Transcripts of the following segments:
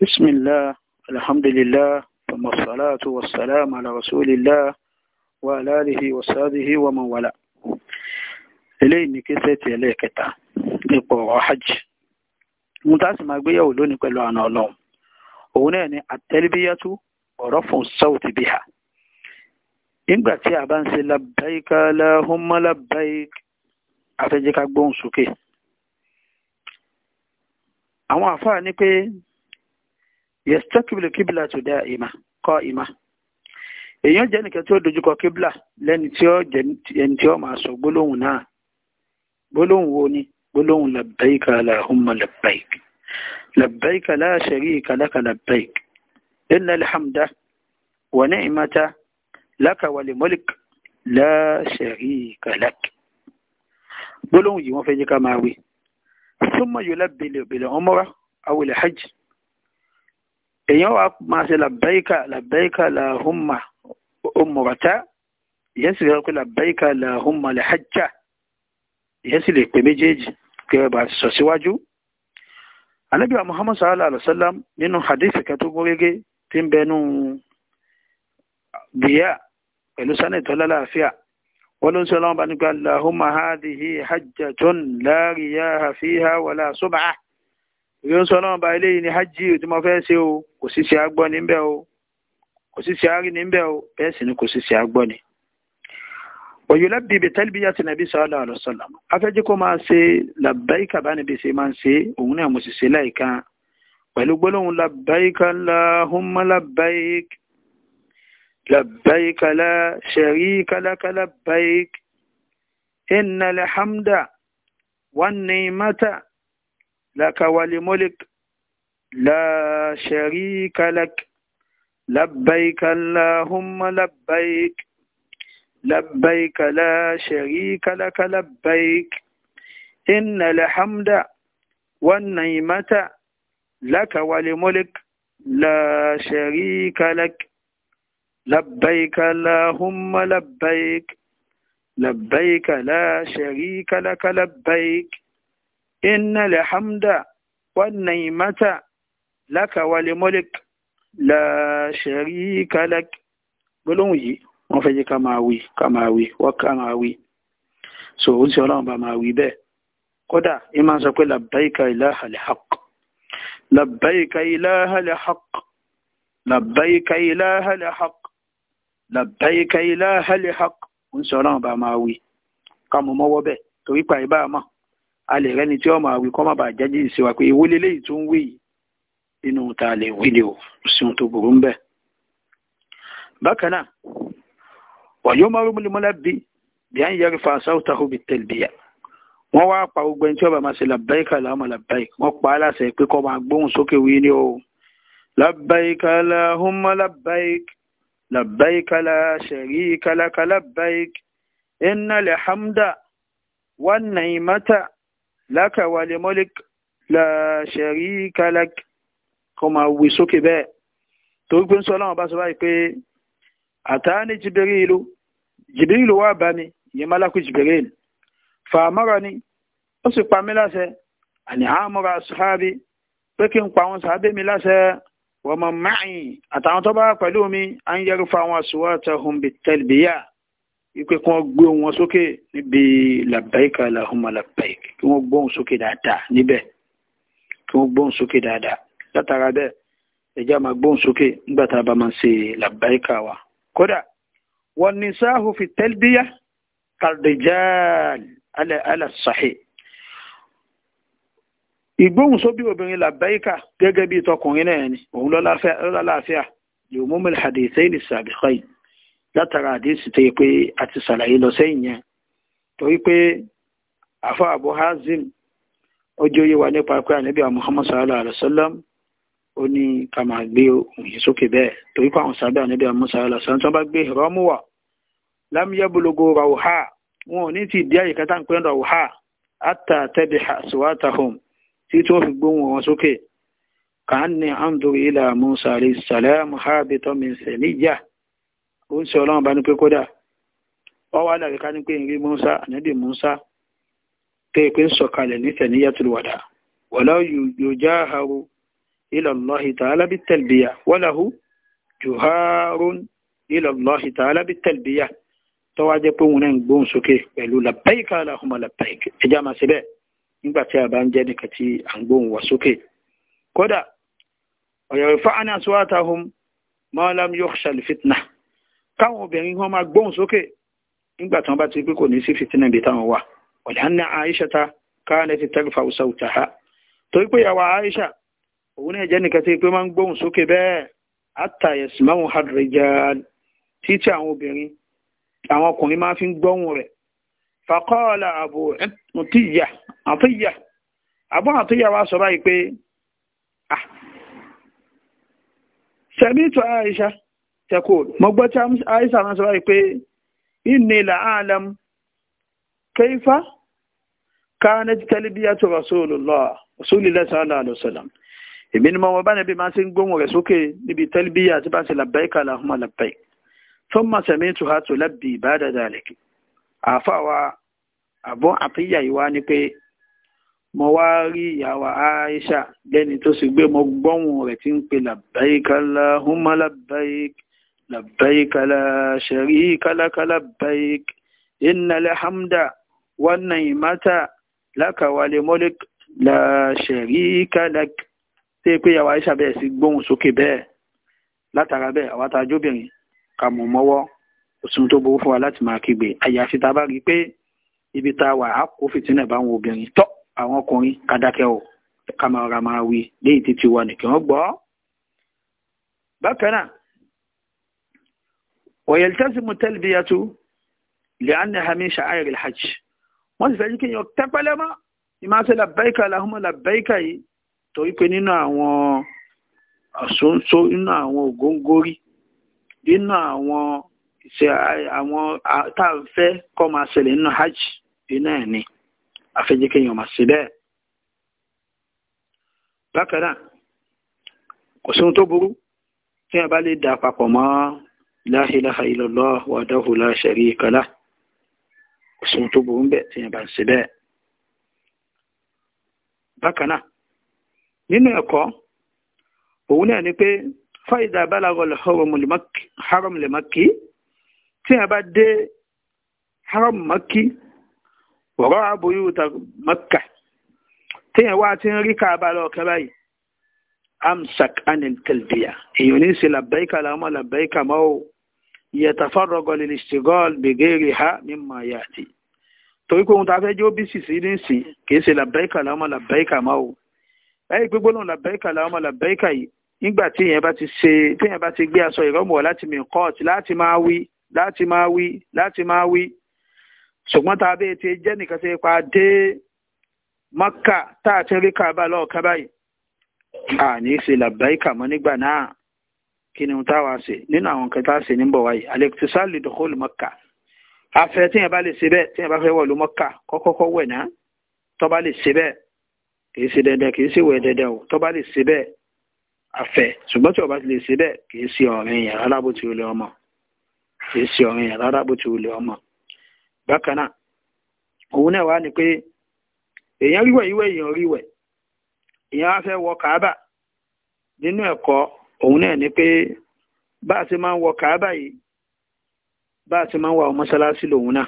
بسم الله الحمد لله ثم الصلاة والسلام على رسول الله وعلى آله وصحبه ومن والاه eléyìí ni kéṣẹ́ ti ẹlẹ́ẹ̀kẹta nípa ọ̀rọ̀ hajj mo tá sì máa gbéyàwó lónìí pẹ̀lú àna ọlọ́run òun náà ni àtẹ́lẹ́bíyàtú ọ̀rọ̀ fún sáwùtì bíhà nígbà tí a bá ń ṣe labbaika lahumma labbaik afẹ́jẹ́ká gbóhùn sókè àwọn àfáà ní pé yẹsítọ́kìbìlì kíbìlà tó dá ìmà kọ́ ìmà èèyàn jẹ́ nìkan tí ó dojúkọ kíbìlà lẹ́ni tí ó jẹ́ ẹni tí ó máa sọ gbólóhùn náà gbólóhùn wo ni gbólóhùn labbaika allahumma labbaik labbaik la sharika laka labbaik inna alhamda wa ni'mata laka wa li mulk la sharika gbólóhùn yìí wọ́n fẹ́ jẹ́ ká máa wí thumma yulabbi bil umra aw al hajj èèyàn wa máa ṣe làbẹ́íkà làbẹ́íkà làhùnmà òmùràtà ìyẹn sì rẹ̀ pé làbẹ́íkà làhùnmà làhájà ìyẹn sì lè pè méjèèjì gẹ́gẹ́ bá sọ síwájú. Ànábì wa Muhammad sallallahu alaihi wa sallam nínú hadithi kan tó gúnrégé tí ń bẹnu bìyà pẹ̀lú sanad tó lálàáfíà wọ́n ló ń sọ lọ́wọ́ bá nígbà làhùnmà hádìhì hajjatun la riyaha fiha wala sub'ah ìwé sọ náà ba eléyìí ni hajj tí mo fẹ́ ṣe o kò sì ṣe agbọ́ níbẹ̀ o kò sì ṣe arí níbẹ̀ o bẹ́ẹ̀ sì ni kò sì ṣe agbọ́ ni. òyìnbó bíbi tẹ́lifíyà ti nàbí sọ́ọ́lá àlọ́sọ̀lá afẹ́jẹ́ kó máa ṣe làbáyíkà bá níbi ṣe máa ṣe òun náà mo sì ṣe láìka pẹ̀lú gbólóhùn làbáyíkà láhùnmá làbáyíkà لبيك لا شريك لك لبيك إن الحمد والنعمة لك ولملك لا شريك لك لبيك اللهم لبيك لبيك لا شريك لك لبيك إن الحمد والنعمة لك ولملك لا شريك لك لبيك اللهم لبيك لبيك لا شريك لك لبيك inna alhamda wa naimata laka wa limolik la sharika lak gbólóhùn yìí wọ́n fẹ́ jẹ́ ká máa wí ká máa wí so ó ń sọ ọlọ́run bá máa wí bẹ́ẹ̀ kódà ẹ máa ń sọ pé labbaika ilaha alhaq labbaika ilaha alhaq labbaika ilaha alhaq labbaika ilaha alhaq ó ń sọ ọlọ́run bá máa wí ká mọ mọ́wọ́ bẹ́ẹ̀ torí pa ìbá mọ́ a lè rẹ́ni tí ọmọ àwí kọ́ má bàa jẹ́jì sí wa pé ìwó leléyìí tó ń wí yìí nínú ta lè wí ni ò sí ohun tó burú ń bẹ̀. bákan náà wàyó máa rú múlimúlá bí bí à ń yẹri fa sáwùtà hóbi tẹ̀lbíyà wọ́n wá pa gbogbo ẹni tí ọba máa ṣe làbáyíkà láwọn làbáyíkà wọ́n pa á láṣẹ pé kọ́ máa gbóhùn sókè wí ni o làbáyíkà láhùnmá làbáyíkà làbáyíkà láṣẹ̀rí kàlákà làbáyíkà innal hamda wan ni'mata laka wal malik la sharika lak kó máa wí sókè bẹ́ẹ̀ torí pé ń sọ ọlọ́run bá sọ báyìí pé àtàní jibirilu jibirilu wà bá mi ìyẹn malaku jibiril fàmọ́rọ̀ ni ó sì pa mí láṣẹ àní àmọ́ra sàábì pé kí n pa àwọn sàábì mi láṣẹ wọ́n mọ̀ máàyìn àtàwọn tó bá pẹ̀lú mi à ń yẹrù fún àwọn àṣùwọ̀tẹ̀ hùn wípé kí wọ́n gbé wọn sókè níbi làbáyíkà làhùnmá làbáyíkà kí wọ́n gbóhùn sókè dáadáa níbẹ̀ kí wọ́n gbóhùn sókè dáadáa látara bẹ́ẹ̀ ẹ̀já máa gbóhùn sókè nígbà tá a bá máa ṣe làbáyíkà wa. kódà wọn ní sáàhù fi tẹ́lbíyà kàrdìjáàlì alàṣàhì ìgbóhùn sóbí obìnrin làbáyíkà gẹ́gẹ́ bí tọkùnrin náà ni òun lọ́láfíà lè mú mẹ́lẹ̀ hadithaini sàbíkọ́ yìí látara àdéhùn tó yẹ pé a ti ṣàlàyé lọ sẹ́yìn yẹn torí pé àfa Abu Hazim ó jẹ́ òye wa nípa pé ànábì Muhammad sallallahu alayhi wa sallam ó ní ká máa gbé òun yìí sókè bẹ́ẹ̀ torí pé àwọn sábẹ́ ànábì Muhammad sallallahu alayhi wa sallam tó bá gbé ìrọ́mù wà lámúyẹ́bùlógó ràwùhá wọn ò ní ti di àyíká tá à ń pè ràwùhá àtà tẹ́bi àṣùwátàhùn tí tó fi gbóhùn wọn sókè kàn ní àǹdùrí Musa alayhi salam hábitọ́ min ó ń ṣe ọlọ́run bá ní pé kódà wọ́n wá dàbí ká ní pé ìrí Musa ànábì Musa tẹ́ ìpín sọ̀kalẹ̀ nífẹ̀ẹ́ ní yàtúlùwàdà wọ́lá yujaharu ila Allahi ta'ala bit-talbiya walahu juharun ila pé òun ń gbóhùn sókè pẹ̀lú labbaika Allahumma labbaik ẹjá máa káwọn obìnrin wọn máa gbóhùn sókè nígbà tí wọ́n bá ti pé kò ní sí fìtínà ibi táwọn wà ọ̀dà ń ná Aisha ti ha torí pé ìyàwó Aisha òun náà jẹ́ nìkan tí pé máa ń gbóhùn sókè bẹ́ẹ̀ àtàyẹ̀sì máa ń hadrẹ̀jà títí àwọn obìnrin àwọn ọkùnrin máa fi ń gbóhùn rẹ̀ fàkọ́ọ̀lá àbò ẹ̀tìyà àtìyà àbọ̀ àtìyà tẹ́kọ̀ mo gbọ́ tí aisha náà sọ wáyé pé inni la alam kaifa kanat talbiyatu rasulullah rasulillah sallallahu alaihi wasallam èmi ni mo wọ bá níbi ni pé mo wá rí ìyàwó aisha lẹ́ni tó sì gbé mo gbóhùn rẹ̀ tí ń pe labbaik allahumma labbaik لبيك لا شريك لك لبيك إن الحمد والنعمة لك ولملك لا شريك لك tí يا yàwá aisha bẹ́ẹ̀ sí gbóhùn sókè bẹ́ẹ̀ látara bẹ́ẹ̀ àwa tá a jóbìnrin ká mọ̀ mọ́wọ́ òsùn tó burú fún wa láti máa kígbe àyàfi tá a bá rí i pé ibi tá a wà á kó fìtínà bá àwọn obìnrin tọ́ àwọn ọkùnrin ká dákẹ́ ká máa ra máa wí léyìí títí wa nìkan gbọ́. bákan náà ويلتزم التلبية لأنها من شعائر الحج wọ́n sì fẹ́ kí èèyàn tẹ́pẹ́lẹ́ mọ́ ìmáṣe làbẹ́ìkà làhùnmọ́ làbẹ́ìkà yìí torí pé nínú àwọn àsonso nínú àwọn ògóńgórí nínú àwọn ìṣe àwọn tá à ń fẹ́ kọ́ máa ṣẹlẹ̀ nínú hajj iná ẹ̀ ni àfẹ́jẹ́ kí èèyàn máa ṣe bẹ́ẹ̀. bákan náà kò sí ohun tó burú tí wọ́n bá lè dà papọ̀ mọ́ la ilaha illallah wahdahu la sharika lah òsùn tó burú bẹ́ẹ̀ tí yẹn bá ń ṣe bẹ́ẹ̀. bákan náà nínú ẹ̀kọ́ òun náà ni pé fáìdà balaghal haram li Makki tí yẹn bá dé haram Makki wọ̀rọ̀ buyuta Makka tí yẹn wá ti ń rí káàbà lọ́ọ̀kẹ́ báyìí amsak anil kalbiya èyí ní ṣe labbaika làwọn labbaika máa yẹtàfàrọgọ lè ṣègọl bègèrè ha mímọ yàtì torí pé ohun tá a fẹ́ jẹ́ ó bí sìsì ní sìn kì í ṣe làbẹ́ìkà làwọn ọmọ làbẹ́ìkà máa wò ẹ̀yìn gbígbóná làbẹ́ìkà làwọn ọmọ yìí nígbà tí èèyàn bá ti ṣe tí èèyàn bá ti gbé aṣọ ìrọ́mù wọ̀ láti mìíràn kọ́ọ̀tì láti máa wí láti máa wí láti máa wí ṣùgbọ́n tá a bẹ́ẹ̀ ti jẹ́ nìkan ṣe pa dé mọ́kà tá a ti rí kàbá lọ́ọ̀ká báyìí àní ṣe làbẹ́ìkà mọ́ nígbà náà kí ni tá a wá ṣe nínú àwọn nǹkan tá a ṣe níbọ̀ wáyé alẹ́kùtùsálì dọ̀kọ́lù mọ́kà afẹ́ tí yẹn bá lè ṣe bẹ́ẹ̀ tí yẹn bá fẹ́ ba mọ́kà kọ́kọ́kọ́ wẹ̀ náà tó bá lè ṣe bẹ́ẹ̀ kì í ṣe dandan kì í ṣe wẹ̀ dandan o tó bá lè ṣe bẹ́ẹ̀ afẹ́ ṣùgbọ́n tí ó bá lè ṣe bẹ́ẹ̀ kì í ti wulẹ̀ ọmọ kì í ṣe ọ̀rìn yẹn ti wulẹ̀ ọmọ bákan òun náà wá ni pé èèyàn ríwẹ̀ yíwẹ̀ èèyàn ríwẹ̀ èèyàn á fẹ́ wọ kàábà nínú ẹ̀kọ́ òun náà ni pé bá a ti máa ń wọ kàábà yìí bá a ti máa ń wọ mọ́sálásí lòun náà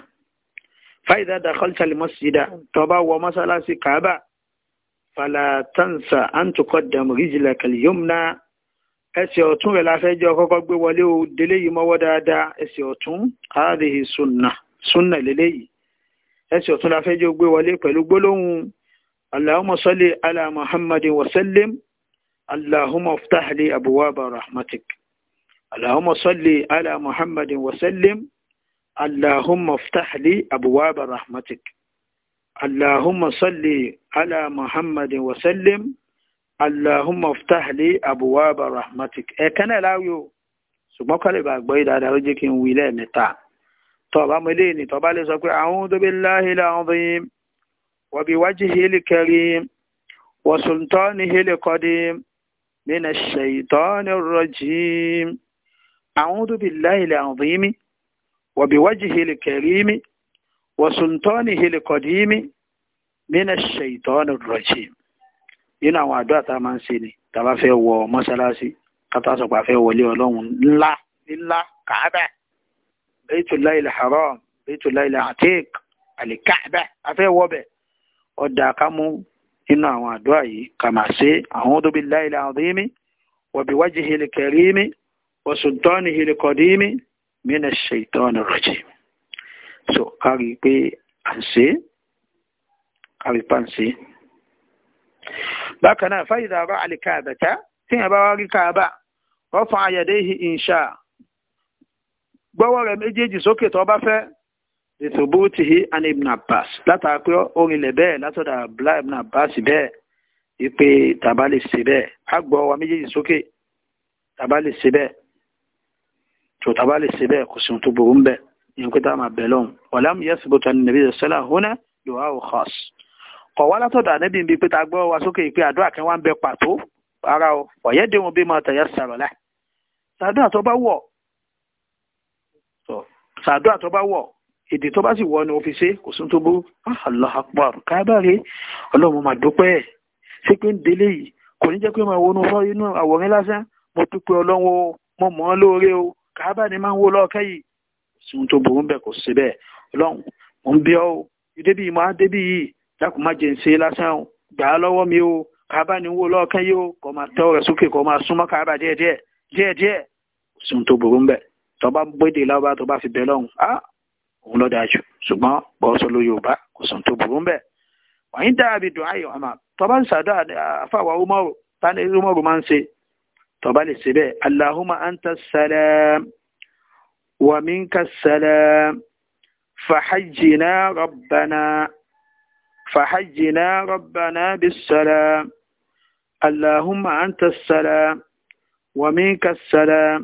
fáìdá dakhalta al-masjida tó bá wọ mọ́sálásí kàábà fala tansa an tuqaddam rijlaka al-yumna ẹsẹ̀ ọ̀tún rẹ̀ la fẹ́ jẹ́ ọkọ́kọ́ gbé wọlé o délé yìí mọ́wọ́ dáadáa ẹsẹ̀ ọ̀tún hadhihi sunna sunna lélẹ́yìí ẹsẹ̀ ọ̀tún la fẹ́ gbé wọlé pẹ̀lú gbólóhùn allahumma salli ala muhammadin wa اللهم افتح لي أبواب رحمتك اللهم صل على محمد وسلم اللهم افتح لي أبواب رحمتك اللهم صل على محمد وسلم اللهم افتح لي أبواب رحمتك ẹ kẹ́nẹ̀ láwíò ṣùgbọ́n kọ́lẹ̀ bá وجهك ìdáadáa ló jẹ́ kí n wí lẹ́ẹ̀mẹ́ta tọ́ọ̀bá أعوذ بالله العظيم وبوجهه الكريم وسلطانه القديم من الشيطان الرجيم أعوذ بالله العظيم وبوجهه الكريم وسلطانه القديم من الشيطان الرجيم inú àwọn àdúrà tá a máa ń ṣe ni tá a bá fẹ́ wọ mọ́ṣáláṣí ká tó sọ pé a fẹ́ wọlé ọlọ́run ńlá ńlá kàábà Baytullahi al-Haram Baytullahi al-Atiq al-Ka'ba a fẹ́ wọ bẹ̀ ọ̀dà ká mú nínú àwọn àdúrà yìí kà máa ṣe a'udhu billahi al-azimi wa biwajhihi al-karimi wa sultanihi al-qadimi minash shaitani rajim so kárí pé à ń ṣe kárí pa ń ṣe. bákan náà fáyidà bá al-Kaabata tí yẹn bá wá rí káàbà rafa'a yadayhi in sha'a gbọ́wọ́ rẹ̀ méjèèjì sókè tó bá fẹ́ ìtòbútìhí ani ibn abbas látara pé orin lẹ̀ bẹ́ẹ̀ látọ̀dà abdullahi ibn abbas bẹ́ẹ̀ wípé tàbá lè ṣe bẹ́ẹ̀ á gbọ́ wa méjèèjì sókè tàbá lè ṣe bẹ́ẹ̀ tó tàbá lè ṣe bẹ́ẹ̀ kò sí tó burú ń bẹ̀ ní pé táwọn àbẹ̀ lọ́hùn wàlám yẹ́sì bó tani nàbí sẹ́lá hóná dùhà ò xas kọ̀ wá látọ̀dà níbi ibi pé tá a gbọ́ wa sókè pé àdúrà kan wá ń bẹ pàtó ara o ọ̀yẹ́ dé wọn bí máa tẹ̀yẹ sàrọ̀ láì sàdúrà tó bá wọ̀ èdè tó bá sì wọ ni òfin ṣe kò sún tó bó ah, Allah akbar kábàárẹ̀ ọlọ́run máa dúpẹ́ ṣé pé ń délé yìí kò ní jẹ́ pé máa wọnú fọ́ inú àwòrán lásán mo dúpẹ́ ọlọ́run o mo mọ̀ ọ́ lóore o kábàá ni máa ń wó lọ́ọ̀kẹ́ yìí sún tó burú bẹ́ẹ̀ kò sí bẹ́ẹ̀ ọlọ́run mo ń bí ọ o débì máa débì yìí dákun má jẹ́ ń ṣe lásán o gbà á lọ́wọ́ mi o kábàá ni wó lọ́ọ̀kẹ́ yìí o kò máa tẹ́ rẹ̀ sókè kò máa súnmọ́ kábàá díẹ̀díẹ̀ díẹ̀díẹ̀ sún tó burú bẹ́ẹ̀ tó bá ń gbédè lábá tó bá ono daju suma ba so bọ́ọ̀sọ ló yorùbá kò sùn tó burú bẹ́ẹ̀ wa inda bi dùn ayọ̀ àmà to ban tọ́ba ń sàdọ́ àfàwà umaru tani umaru máa man ṣe to ba lè ṣe be allahumma anta salam wa minka salam fa hajjina rabbana fa hajjina rabbana bis salam allahumma anta salam wa minka salam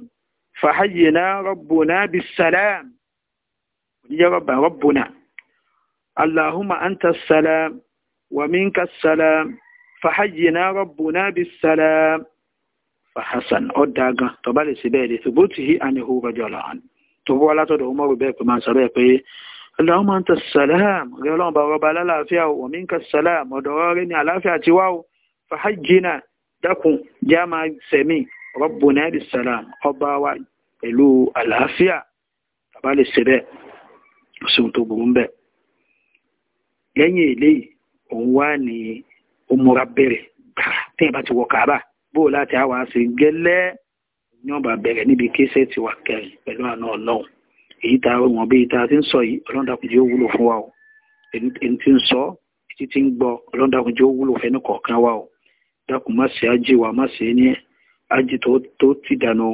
fa fahajjina rabbuna salam يا رب ربنا اللهم أنت السلام ومنك السلام فحينا ربنا بالسلام فحسن أدعى طبعا سبيل ثبوته أنه رجل عنه تبوا لا تدعو مر بك ما سبيك اللهم أنت السلام اللهم بارب على العافية ومنك السلام ودرارني على العافية تواو فحجنا دكم جامع سمي ربنا بالسلام أبا pẹ̀lú àlàáfíà tàbá lè ṣe bẹ́ẹ̀ sóhun tó burú bẹ́ẹ̀ lẹ́yìn eléyìí òun wá ní òmùra bẹ̀rẹ̀ gbàrà téèyàn bá ti wọ kàábà bó o láti àwọn àṣẹ gẹ́lẹ́ yọ̀nba bẹ̀rẹ̀ níbi kéṣẹ́ ti wà kẹrin pẹ̀lú àna ọlọ́run èyí tá wọn bí tá ti ń sọ yìí ọlọ́dàkùn yóò wúlò fún wa o èyí ti ń sọ èyí ti ń gbọ́ ọlọ́dàkùn yóò wúlò fẹ́ni kọ̀ọ̀kan wa o dákun má ṣe ájì wa má ṣe ní ájì tó ti dànù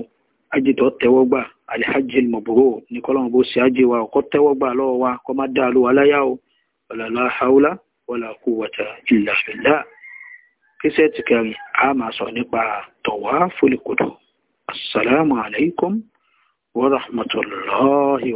ájì tó tẹ́wọ́ gbà alihajj mọ̀bùrò ní kọ́lọ́mù bó ṣe ájé wa ọ̀kọ́ tẹ́wọ́ gbà lọ́wọ́ wa kọ́ má dáa lówà láyá o wàlàlá haúlá wàlà kú wàtà ìlà ìlà kíṣẹ́ ti kẹrin a máa sọ nípa tọ̀wá fólìkòdò assalamu alaikum wa rahmatullahi